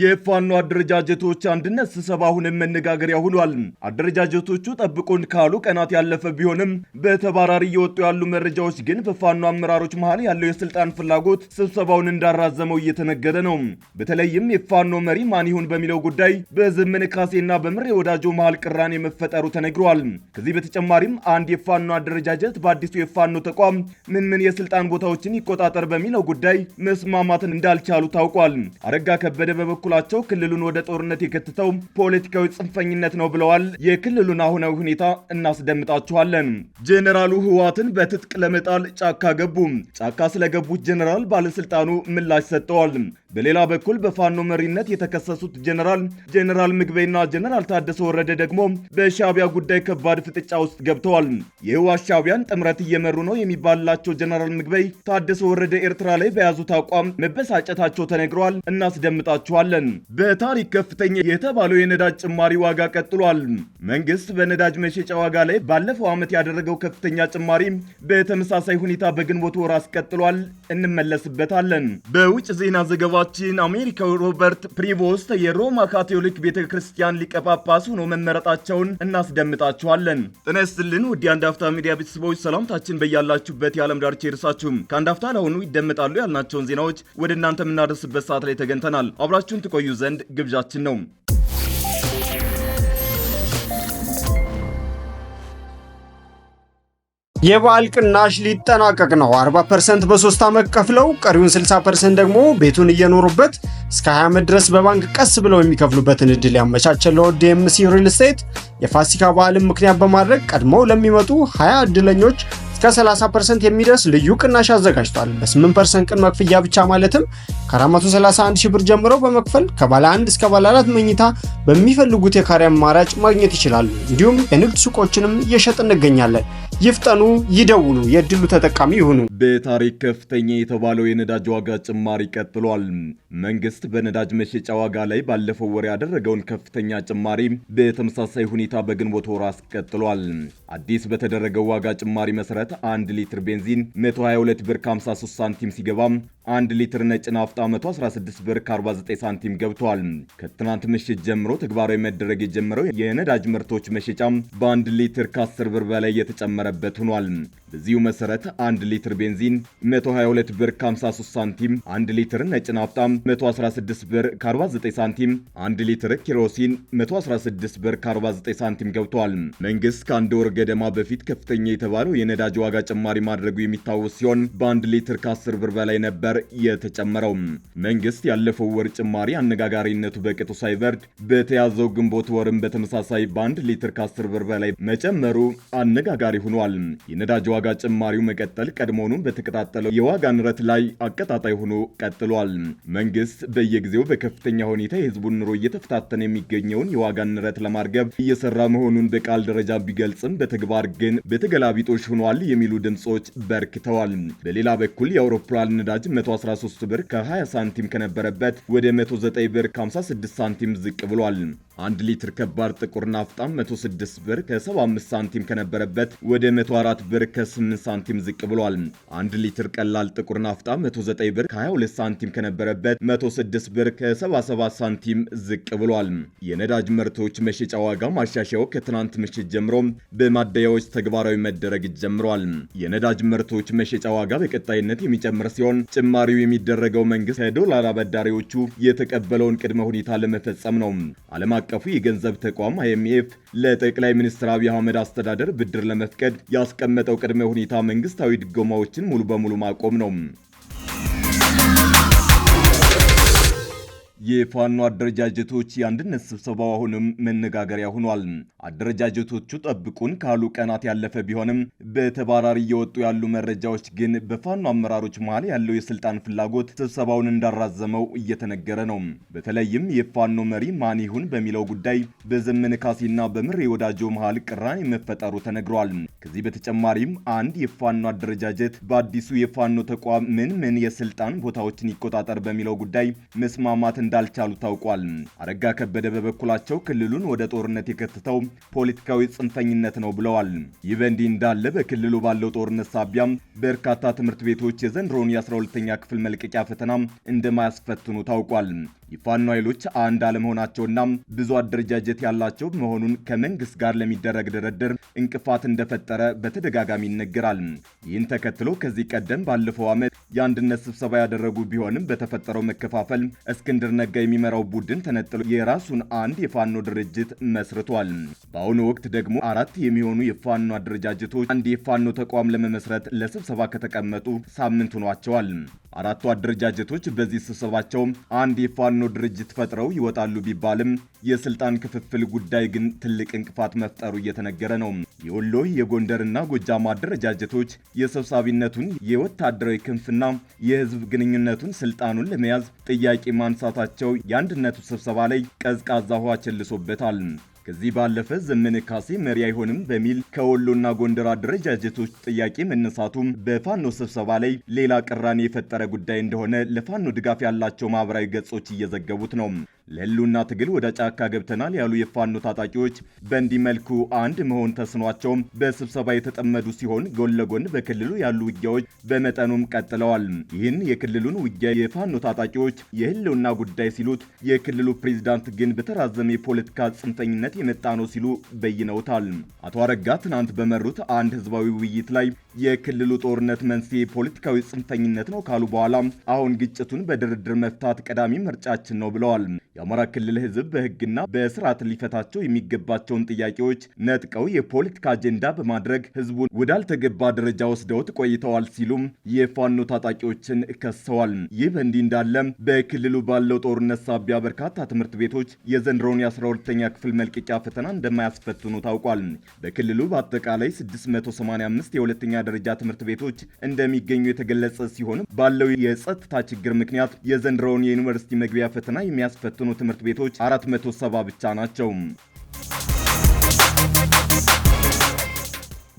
የፋኖ አደረጃጀቶች አንድነት ስብሰባ አሁንም መነጋገሪያ ሆኗል። አደረጃጀቶቹ ጠብቁን ካሉ ቀናት ያለፈ ቢሆንም በተባራሪ እየወጡ ያሉ መረጃዎች ግን በፋኖ አመራሮች መሃል ያለው የስልጣን ፍላጎት ስብሰባውን እንዳራዘመው እየተነገረ ነው። በተለይም የፋኖ መሪ ማን ይሁን በሚለው ጉዳይ በዘመነ ካሴና በምሬ ወዳጆ መሃል ቅራኔ መፈጠሩ ተነግሯል። ከዚህ በተጨማሪም አንድ የፋኖ አደረጃጀት በአዲሱ የፋኖ ተቋም ምን ምን የስልጣን ቦታዎችን ይቆጣጠር በሚለው ጉዳይ መስማማትን እንዳልቻሉ ታውቋል። አረጋ ከበደ በበኩ በበኩላቸው ክልሉን ወደ ጦርነት የከትተው ፖለቲካዊ ጽንፈኝነት ነው ብለዋል። የክልሉን አሁናዊ ሁኔታ እናስደምጣችኋለን። ጄኔራሉ ህወሓትን በትጥቅ ለመጣል ጫካ ገቡ። ጫካ ስለገቡት ጄኔራል ባለስልጣኑ ምላሽ ሰጥተዋል። በሌላ በኩል በፋኖ መሪነት የተከሰሱት ጀነራል ጀነራል ምግቤና ጀነራል ታደሰ ወረደ ደግሞ በሻቢያ ጉዳይ ከባድ ፍጥጫ ውስጥ ገብተዋል። የህወሓት ሻቢያን ጥምረት እየመሩ ነው የሚባላቸው ጀነራል ምግቤ ታደሰ ወረደ ኤርትራ ላይ በያዙት አቋም መበሳጨታቸው ተነግረዋል። እናስደምጣችኋለን። በታሪክ ከፍተኛ የተባለው የነዳጅ ጭማሪ ዋጋ ቀጥሏል። መንግስት በነዳጅ መሸጫ ዋጋ ላይ ባለፈው ዓመት ያደረገው ከፍተኛ ጭማሪ በተመሳሳይ ሁኔታ በግንቦት ወር አስቀጥሏል። እንመለስበታለን። በውጭ ዜና ዘገባ አባታችን አሜሪካዊ ሮበርት ፕሪቮስት የሮማ ካቶሊክ ቤተ ክርስቲያን ሊቀ መመረጣቸውን እናስደምጣችኋለን። ጤና ይስጥልን ውድ የአንድ አፍታ ሚዲያ ቤተሰቦች ሰላምታችን በያላችሁበት የዓለም ዳርቻ ይድረሳችሁም። ከአንድ አፍታ ለአሁኑ ይደመጣሉ ያልናቸውን ዜናዎች ወደ እናንተ የምናደርስበት ሰዓት ላይ ተገኝተናል። አብራችሁን ትቆዩ ዘንድ ግብዣችን ነው። የበዓል ቅናሽ ሊጠናቀቅ ነው። 40 ፐርሰንት በሶስት ዓመት ከፍለው ቀሪውን 60 ፐርሰንት ደግሞ ቤቱን እየኖሩበት እስከ 20 ዓመት ድረስ በባንክ ቀስ ብለው የሚከፍሉበትን እድል ያመቻቸለው ዲኤምሲ ሪል ስቴት የፋሲካ በዓልን ምክንያት በማድረግ ቀድመው ለሚመጡ 20 እድለኞች እስከ 30% የሚደርስ ልዩ ቅናሽ አዘጋጅቷል። በ8% ቅን መክፍያ ብቻ ማለትም ከ431 ሺህ ብር ጀምሮ በመክፈል ከባለ 1 እስከ ባለ 4 መኝታ በሚፈልጉት የካሬ አማራጭ ማግኘት ይችላሉ። እንዲሁም የንግድ ሱቆችንም እየሸጥ እንገኛለን። ይፍጠኑ፣ ይደውሉ፣ የድሉ ተጠቃሚ ይሁኑ። በታሪክ ከፍተኛ የተባለው የነዳጅ ዋጋ ጭማሪ ቀጥሏል። መንግስት በነዳጅ መሸጫ ዋጋ ላይ ባለፈው ወር ያደረገውን ከፍተኛ ጭማሪ በተመሳሳይ ሁኔታ በግንቦት ወር አስቀጥሏል። አዲስ በተደረገው ዋጋ ጭማሪ መሰረት ዕለት 1 ሊትር ቤንዚን 122 ብር 53 ሳንቲም ሲገባ 1 ሊትር ነጭ ናፍጣ 116 ብር 49 ሳንቲም ገብቷል። ከትናንት ምሽት ጀምሮ ተግባራዊ መደረግ የጀመረው የነዳጅ ምርቶች መሸጫም በ1 ሊትር ከ10 ብር በላይ የተጨመረበት ሆኗል። በዚሁ መሰረት 1 ሊትር ቤንዚን 122 ብር ከ53 ሳንቲም፣ 1 ሊትር ነጭ ናፍጣ 116 ብር ከ49 ሳንቲም፣ 1 ሊትር ኪሮሲን 116 ብር ከ49 ሳንቲም ገብቷል። መንግስት ከአንድ ወር ገደማ በፊት ከፍተኛ የተባለው የነዳጅ ዋጋ ጭማሪ ማድረጉ የሚታወስ ሲሆን በአንድ ሊትር ከ10 ብር በላይ ነበር የተጨመረው። መንግስት ያለፈው ወር ጭማሪ አነጋጋሪነቱ በቅጡ ሳይበርድ በተያዘው ግንቦት ወርም በተመሳሳይ በአንድ ሊትር ከ10 ብር በላይ መጨመሩ አነጋጋሪ ሆኗል። የነዳጅ ዋጋ ዋጋ ጭማሪው መቀጠል ቀድሞውኑም በተቀጣጠለው የዋጋ ንረት ላይ አቀጣጣይ ሆኖ ቀጥሏል። መንግስት በየጊዜው በከፍተኛ ሁኔታ የህዝቡን ኑሮ እየተፈታተነ የሚገኘውን የዋጋ ንረት ለማርገብ እየሰራ መሆኑን በቃል ደረጃ ቢገልጽም በተግባር ግን በተገላቢጦሽ ሆኗል የሚሉ ድምፆች በርክተዋል። በሌላ በኩል የአውሮፕላን ነዳጅ 113 ብር ከ20 ሳንቲም ከነበረበት ወደ 109 ብር ከ56 ሳንቲም ዝቅ ብሏል። አንድ ሊትር ከባድ ጥቁር ናፍጣ 106 ብር ከ75 ሳንቲም ከነበረበት ወደ 104 ብር ከ8 ሳንቲም ዝቅ ብሏል። አንድ ሊትር ቀላል ጥቁር ናፍጣ 109 ብር ከ22 ሳንቲም ከነበረበት 106 ብር ከ77 ሳንቲም ዝቅ ብሏል። የነዳጅ ምርቶች መሸጫ ዋጋ ማሻሻያው ከትናንት ምሽት ጀምሮ በማደያዎች ተግባራዊ መደረግ ጀምሯል። የነዳጅ ምርቶች መሸጫ ዋጋ በቀጣይነት የሚጨምር ሲሆን ጭማሪው የሚደረገው መንግስት ከዶላር አበዳሪዎቹ የተቀበለውን ቅድመ ሁኔታ ለመፈጸም ነው። አቀፉ የገንዘብ ተቋም አይኤምኤፍ ለጠቅላይ ሚኒስትር አብይ አህመድ አስተዳደር ብድር ለመፍቀድ ያስቀመጠው ቅድመ ሁኔታ መንግስታዊ ድጎማዎችን ሙሉ በሙሉ ማቆም ነው። የፋኖ አደረጃጀቶች የአንድነት ስብሰባ አሁንም መነጋገሪያ ሆኗል። አደረጃጀቶቹ ጠብቁን ካሉ ቀናት ያለፈ ቢሆንም በተባራሪ እየወጡ ያሉ መረጃዎች ግን በፋኖ አመራሮች መሃል ያለው የስልጣን ፍላጎት ስብሰባውን እንዳራዘመው እየተነገረ ነው። በተለይም የፋኖ መሪ ማን ይሁን በሚለው ጉዳይ በዘመነ ካሴና በምሬ ወዳጆ መሃል ቅራኔ መፈጠሩ ተነግሯል። ከዚህ በተጨማሪም አንድ የፋኖ አደረጃጀት በአዲሱ የፋኖ ተቋም ምን ምን የስልጣን ቦታዎችን ይቆጣጠር በሚለው ጉዳይ መስማማት እንዳልቻሉ ታውቋል። አረጋ ከበደ በበኩላቸው ክልሉን ወደ ጦርነት የከተተው ፖለቲካዊ ጽንፈኝነት ነው ብለዋል። ይህ በእንዲህ እንዳለ በክልሉ ባለው ጦርነት ሳቢያም በርካታ ትምህርት ቤቶች የዘንድሮውን የ12ኛ ክፍል መልቀቂያ ፈተና እንደማያስፈትኑ ታውቋል። የፋኖ ኃይሎች አንድ አለመሆናቸውና ብዙ አደረጃጀት ያላቸው መሆኑን ከመንግስት ጋር ለሚደረግ ድርድር እንቅፋት እንደፈጠረ በተደጋጋሚ ይነገራል። ይህን ተከትሎ ከዚህ ቀደም ባለፈው ዓመት የአንድነት ስብሰባ ያደረጉ ቢሆንም በተፈጠረው መከፋፈል እስክንድር ነጋ የሚመራው ቡድን ተነጥሎ የራሱን አንድ የፋኖ ድርጅት መስርቷል። በአሁኑ ወቅት ደግሞ አራት የሚሆኑ የፋኖ አደረጃጀቶች አንድ የፋኖ ተቋም ለመመስረት ለስብሰባ ከተቀመጡ ሳምንት ሆኗቸዋል። አራቱ አደረጃጀቶች በዚህ ስብሰባቸው አንድ የፋኖ የፋኖ ድርጅት ፈጥረው ይወጣሉ ቢባልም የስልጣን ክፍፍል ጉዳይ ግን ትልቅ እንቅፋት መፍጠሩ እየተነገረ ነው። የወሎ የጎንደርና ጎጃም አደረጃጀቶች የሰብሳቢነቱን የወታደራዊ ክንፍና የህዝብ ግንኙነቱን ስልጣኑን ለመያዝ ጥያቄ ማንሳታቸው የአንድነቱ ስብሰባ ላይ ቀዝቃዛ ውሃ ቸልሶበታል። ከዚህ ባለፈ ዘመነ ካሴ መሪ አይሆንም በሚል ከወሎና ጎንደር አደረጃጀቶች ጥያቄ መነሳቱም በፋኖ ስብሰባ ላይ ሌላ ቅራኔ የፈጠረ ጉዳይ እንደሆነ ለፋኖ ድጋፍ ያላቸው ማህበራዊ ገጾች እየዘገቡት ነው። ለህልውና ትግል ወደ ጫካ ገብተናል ያሉ የፋኖ ታጣቂዎች በእንዲህ መልኩ አንድ መሆን ተስኗቸው በስብሰባ የተጠመዱ ሲሆን ጎን ለጎን በክልሉ ያሉ ውጊያዎች በመጠኑም ቀጥለዋል። ይህን የክልሉን ውጊያ የፋኖ ታጣቂዎች የህልውና ጉዳይ ሲሉት፣ የክልሉ ፕሬዝዳንት ግን በተራዘመ የፖለቲካ ጽንፈኝነት የመጣ ነው ሲሉ በይነውታል። አቶ አረጋ ትናንት በመሩት አንድ ህዝባዊ ውይይት ላይ የክልሉ ጦርነት መንስኤ ፖለቲካዊ ጽንፈኝነት ነው ካሉ በኋላ አሁን ግጭቱን በድርድር መፍታት ቀዳሚ ምርጫችን ነው ብለዋል። የአማራ ክልል ህዝብ በህግና በስርዓት ሊፈታቸው የሚገባቸውን ጥያቄዎች ነጥቀው የፖለቲካ አጀንዳ በማድረግ ህዝቡን ወዳልተገባ ደረጃ ወስደውት ቆይተዋል ሲሉም የፋኖ ታጣቂዎችን ከሰዋል። ይህ በእንዲህ እንዳለም በክልሉ ባለው ጦርነት ሳቢያ በርካታ ትምህርት ቤቶች የዘንድሮውን የ12ተኛ ክፍል መልቀቂያ ፈተና እንደማያስፈትኑ ታውቋል። በክልሉ በአጠቃላይ 685 የሁለተኛ ደረጃ ትምህርት ቤቶች እንደሚገኙ የተገለጸ ሲሆን ባለው የጸጥታ ችግር ምክንያት የዘንድሮውን የዩኒቨርሲቲ መግቢያ ፈተና የሚያስፈትኑ የተወሰኑ ትምህርት ቤቶች 470 ብቻ ናቸው።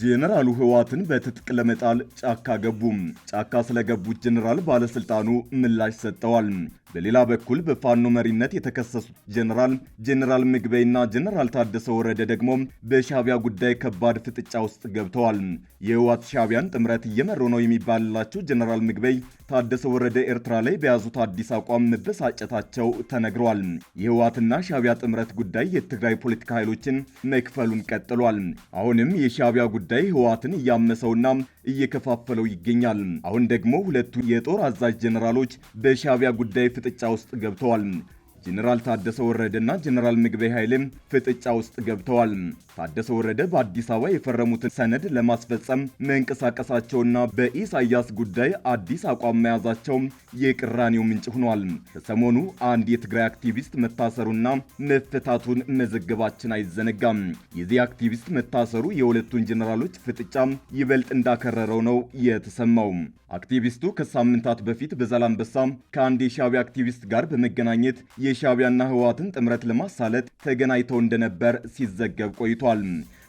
ጄኔራሉ ህወሓትን በትጥቅ ለመጣል ጫካ ገቡ። ጫካ ስለገቡት ጄኔራል ባለስልጣኑ ምላሽ ሰጥተዋል። በሌላ በኩል በፋኖ መሪነት የተከሰሱት ጀኔራል ጀኔራል ምግበይና ጀኔራል ታደሰ ወረደ ደግሞ በሻቢያ ጉዳይ ከባድ ፍጥጫ ውስጥ ገብተዋል። የህወሓት ሻቢያን ጥምረት እየመሩ ነው የሚባልላቸው ጀኔራል ምግበይ ታደሰ ወረደ ኤርትራ ላይ በያዙት አዲስ አቋም መበሳጨታቸው ተነግሯል። የህወሓትና ሻቢያ ጥምረት ጉዳይ የትግራይ ፖለቲካ ኃይሎችን መክፈሉን ቀጥሏል። አሁንም የሻቢያ ጉዳይ ህወሓትን እያመሰውና እየከፋፈለው ይገኛል። አሁን ደግሞ ሁለቱ የጦር አዛዥ ጀኔራሎች በሻቢያ ጉዳይ ፍጥጫ ውስጥ ገብተዋል። ጄኔራል ታደሰ ወረደና ጀነራል ምግቤ ኃይልም ፍጥጫ ውስጥ ገብተዋል። ታደሰ ወረደ በአዲስ አበባ የፈረሙትን ሰነድ ለማስፈጸም መንቀሳቀሳቸውና በኢሳያስ ጉዳይ አዲስ አቋም መያዛቸው የቅራኔው ምንጭ ሆኗል። ከሰሞኑ አንድ የትግራይ አክቲቪስት መታሰሩና መፈታቱን መዘገባችን አይዘነጋም። የዚህ አክቲቪስት መታሰሩ የሁለቱን ጀኔራሎች ፍጥጫ ይበልጥ እንዳከረረው ነው የተሰማው። አክቲቪስቱ ከሳምንታት በፊት በዛላንበሳ ከአንድ የሻዕቢያ አክቲቪስት ጋር በመገናኘት የሻቢያና ህወሓትን ጥምረት ለማሳለጥ ተገናኝተው እንደነበር ሲዘገብ ቆይቷል።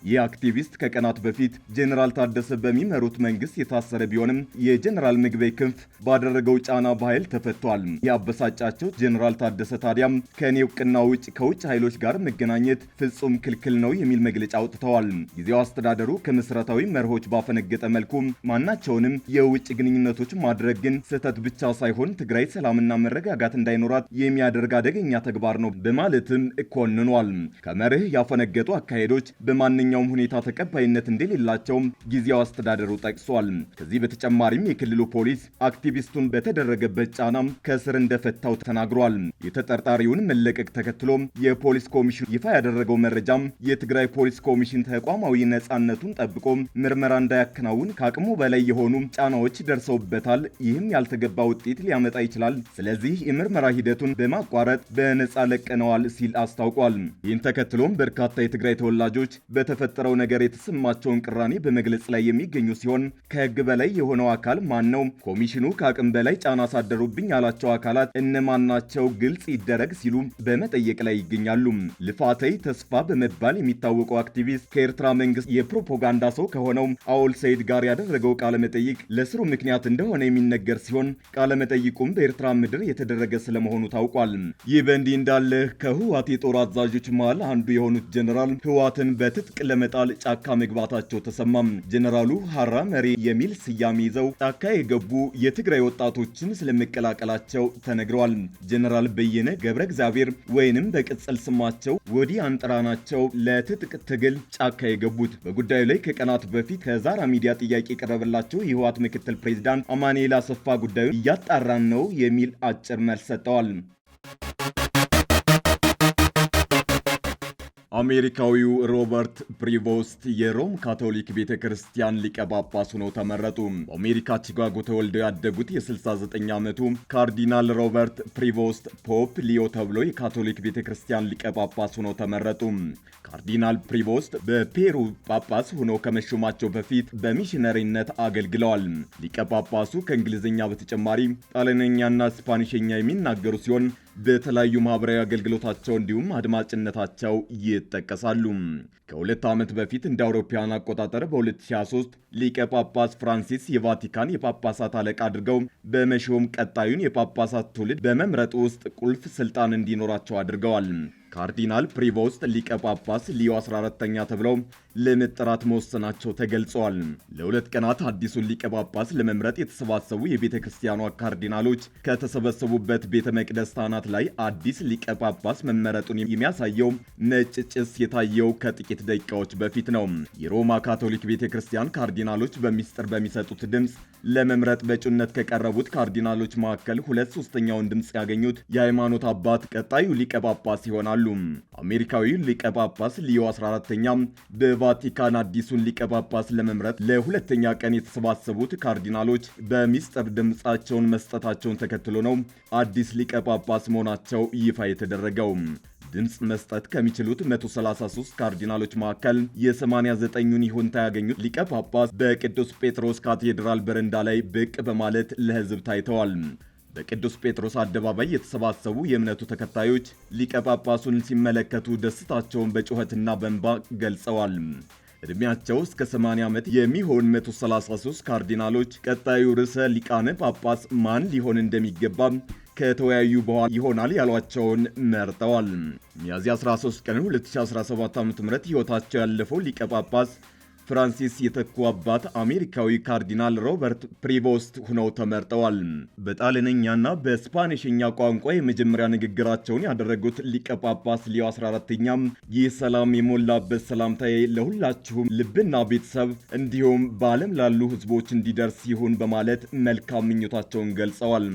ይህ አክቲቪስት ከቀናት በፊት ጄኔራል ታደሰ በሚመሩት መንግስት የታሰረ ቢሆንም የጄኔራል ምግቤ ክንፍ ባደረገው ጫና በኃይል ተፈቷል። ያበሳጫቸው ጄኔራል ታደሰ ታዲያም ከእኔ እውቅና ውጭ ከውጭ ኃይሎች ጋር መገናኘት ፍጹም ክልክል ነው የሚል መግለጫ አውጥተዋል። ጊዜው አስተዳደሩ ከመሠረታዊ መርሆች ባፈነገጠ መልኩ ማናቸውንም የውጭ ግንኙነቶች ማድረግ ግን ስህተት ብቻ ሳይሆን ትግራይ ሰላምና መረጋጋት እንዳይኖራት የሚያደርግ አደገኛ ተግባር ነው በማለትም እኮንኗል። ከመርህ ያፈነገጡ አካሄዶች በማንኛ በየትኛውም ሁኔታ ተቀባይነት እንደሌላቸው ጊዜያዊ አስተዳደሩ ጠቅሷል። ከዚህ በተጨማሪም የክልሉ ፖሊስ አክቲቪስቱን በተደረገበት ጫና ከእስር እንደፈታው ተናግሯል። የተጠርጣሪውን መለቀቅ ተከትሎ የፖሊስ ኮሚሽኑ ይፋ ያደረገው መረጃም የትግራይ ፖሊስ ኮሚሽን ተቋማዊ ነጻነቱን ጠብቆ ምርመራ እንዳያከናውን ከአቅሙ በላይ የሆኑ ጫናዎች ደርሰውበታል። ይህም ያልተገባ ውጤት ሊያመጣ ይችላል። ስለዚህ የምርመራ ሂደቱን በማቋረጥ በነጻ ለቀነዋል ሲል አስታውቋል። ይህን ተከትሎም በርካታ የትግራይ ተወላጆች በተፈ በተፈጠረው ነገር የተሰማቸውን ቅራኔ በመግለጽ ላይ የሚገኙ ሲሆን ከህግ በላይ የሆነው አካል ማን ነው? ኮሚሽኑ ከአቅም በላይ ጫና አሳደሩብኝ ያላቸው አካላት እነማናቸው ግልጽ ይደረግ ሲሉ በመጠየቅ ላይ ይገኛሉ። ልፋተይ ተስፋ በመባል የሚታወቀው አክቲቪስት ከኤርትራ መንግስት የፕሮፓጋንዳ ሰው ከሆነው አውል ሰይድ ጋር ያደረገው ቃለ መጠይቅ ለስሩ ምክንያት እንደሆነ የሚነገር ሲሆን ቃለመጠይቁም በኤርትራ ምድር የተደረገ ስለመሆኑ ታውቋል። ይህ በእንዲህ እንዳለ ከህዋት የጦር አዛዦች መሃል አንዱ የሆኑት ጀኔራል ህዋትን በትጥቅ ለመጣል ጫካ መግባታቸው ተሰማም። ጀነራሉ ሀራ መሬ የሚል ስያሜ ይዘው ጫካ የገቡ የትግራይ ወጣቶችን ስለመቀላቀላቸው ተነግረዋል። ጀነራል በየነ ገብረ እግዚአብሔር ወይንም በቅጽል ስማቸው ወዲ አንጥራ ናቸው ለትጥቅ ትግል ጫካ የገቡት። በጉዳዩ ላይ ከቀናት በፊት ከዛራ ሚዲያ ጥያቄ የቀረበላቸው የህወሓት ምክትል ፕሬዚዳንት አማኑኤል አሰፋ ጉዳዩን እያጣራን ነው የሚል አጭር መልስ ሰጠዋል። አሜሪካዊው ሮበርት ፕሪቮስት የሮም ካቶሊክ ቤተ ክርስቲያን ሊቀ ጳጳስ ሆነው ተመረጡ። በአሜሪካ ቺካጎ ተወልደው ያደጉት የ69 ዓመቱ ካርዲናል ሮበርት ፕሪቮስት ፖፕ ሊዮ ተብሎ የካቶሊክ ቤተ ክርስቲያን ሊቀ ጳጳስ ሆነው ተመረጡ። ካርዲናል ፕሪቮስት በፔሩ ጳጳስ ሆነው ከመሾማቸው በፊት በሚሽነሪነት አገልግለዋል። ሊቀ ጳጳሱ ከእንግሊዝኛ በተጨማሪ ጣሊያንኛና ስፓኒሽኛ የሚናገሩ ሲሆን በተለያዩ ማህበራዊ አገልግሎታቸው እንዲሁም አድማጭነታቸው ይጠቀሳሉ። ከሁለት ዓመት በፊት እንደ አውሮፓውያን አቆጣጠር በ2023 ሊቀ ጳጳስ ፍራንሲስ የቫቲካን የጳጳሳት አለቃ አድርገው በመሾም ቀጣዩን የጳጳሳት ትውልድ በመምረጥ ውስጥ ቁልፍ ስልጣን እንዲኖራቸው አድርገዋል። ካርዲናል ፕሪቮስት ሊቀ ጳጳስ ሊዮ 14ተኛ ተብለው ለመጠራት መወሰናቸው ተገልጿል። ለሁለት ቀናት አዲሱን ሊቀ ጳጳስ ለመምረጥ የተሰባሰቡ የቤተ ክርስቲያኗ ካርዲናሎች ከተሰበሰቡበት ቤተ መቅደስ ታናት ላይ አዲስ ሊቀ ጳጳስ መመረጡን የሚያሳየው ነጭ ጭስ የታየው ከጥቂት ደቂቃዎች በፊት ነው። የሮማ ካቶሊክ ቤተ ክርስቲያን ካርዲናሎች በሚስጥር በሚሰጡት ድምፅ ለመምረጥ በእጩነት ከቀረቡት ካርዲናሎች መካከል ሁለት ሶስተኛውን ድምፅ ያገኙት የሃይማኖት አባት ቀጣዩ ሊቀ ጳጳስ ይሆናሉ። አሜሪካዊ ሊቀ ጳጳስ ሊዮ 14ተኛ በቫቲካን አዲሱን ሊቀ ጳጳስ ለመምረጥ ለሁለተኛ ቀን የተሰባሰቡት ካርዲናሎች በሚስጥር ድምፃቸውን መስጠታቸውን ተከትሎ ነው አዲስ ሊቀ ጳጳስ መሆናቸው ይፋ የተደረገው። ድምፅ መስጠት ከሚችሉት 133 ካርዲናሎች መካከል የ89ኙን ይሁንታ ያገኙት ሊቀ ጳጳስ በቅዱስ ጴጥሮስ ካቴድራል በረንዳ ላይ ብቅ በማለት ለሕዝብ ታይተዋል። በቅዱስ ጴጥሮስ አደባባይ የተሰባሰቡ የእምነቱ ተከታዮች ሊቀ ጳጳሱን ሲመለከቱ ደስታቸውን በጩኸትና በንባ ገልጸዋል። ዕድሜያቸው እስከ 80 ዓመት የሚሆን 133 ካርዲናሎች ቀጣዩ ርዕሰ ሊቃነ ጳጳስ ማን ሊሆን እንደሚገባ ከተወያዩ በኋላ ይሆናል ያሏቸውን መርጠዋል። ሚያዝያ 13 ቀን 2017 ዓ ም ህይወታቸው ያለፈው ሊቀ ጳጳስ ፍራንሲስ የተኩ አባት አሜሪካዊ ካርዲናል ሮበርት ፕሪቮስት ሆነው ተመርጠዋል። በጣሊያንኛና በስፓኒሽኛ ቋንቋ የመጀመሪያ ንግግራቸውን ያደረጉት ሊቀ ጳጳስ ሊዮ 14ኛም ይህ ሰላም የሞላበት ሰላምታዬ ለሁላችሁም ልብና ቤተሰብ እንዲሁም በዓለም ላሉ ህዝቦች እንዲደርስ ይሁን በማለት መልካም ምኞታቸውን ገልጸዋል።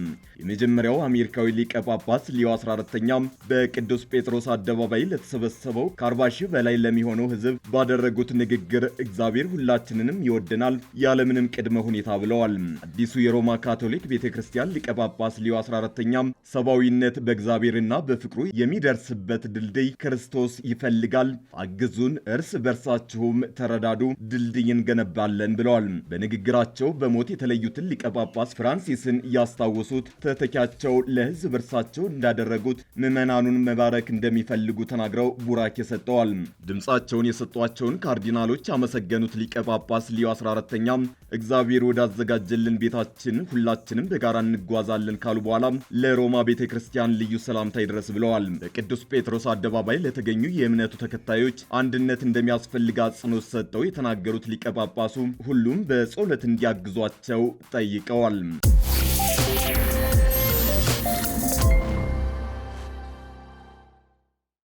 የመጀመሪያው አሜሪካዊ ሊቀ ጳጳስ ሊዮ 14ኛም በቅዱስ ጴጥሮስ አደባባይ ለተሰበሰበው ከ40 ሺህ በላይ ለሚሆነው ህዝብ ባደረጉት ንግግር እግዚአብሔር ሁላችንንም ይወደናል ያለምንም ቅድመ ሁኔታ ብለዋል። አዲሱ የሮማ ካቶሊክ ቤተ ክርስቲያን ሊቀ ጳጳስ ሊዮ 14ኛም ሰብአዊነት በእግዚአብሔርና በፍቅሩ የሚደርስበት ድልድይ ክርስቶስ ይፈልጋል፣ አግዙን፣ እርስ በርሳችሁም ተረዳዱ፣ ድልድይ እንገነባለን ብለዋል። በንግግራቸው በሞት የተለዩትን ሊቀ ጳጳስ ፍራንሲስን ያስታወሱት ተተኪያቸው ለህዝብ እርሳቸው እንዳደረጉት ምዕመናኑን መባረክ እንደሚፈልጉ ተናግረው ቡራኬ ሰጥተዋል። ድምፃቸውን የሰጧቸውን ካርዲናሎች አመሰግ የተመሰገኑት ሊቀ ጳጳስ ሊዮ 14ተኛ እግዚአብሔር ወዳዘጋጀልን ቤታችን ሁላችንም በጋራ እንጓዛለን ካሉ በኋላ ለሮማ ቤተ ክርስቲያን ልዩ ሰላምታ ይድረስ ብለዋል። በቅዱስ ጴጥሮስ አደባባይ ለተገኙ የእምነቱ ተከታዮች አንድነት እንደሚያስፈልግ አጽንኦት ሰጥተው የተናገሩት ሊቀ ጳጳሱ ሁሉም በጸሎት እንዲያግዟቸው ጠይቀዋል።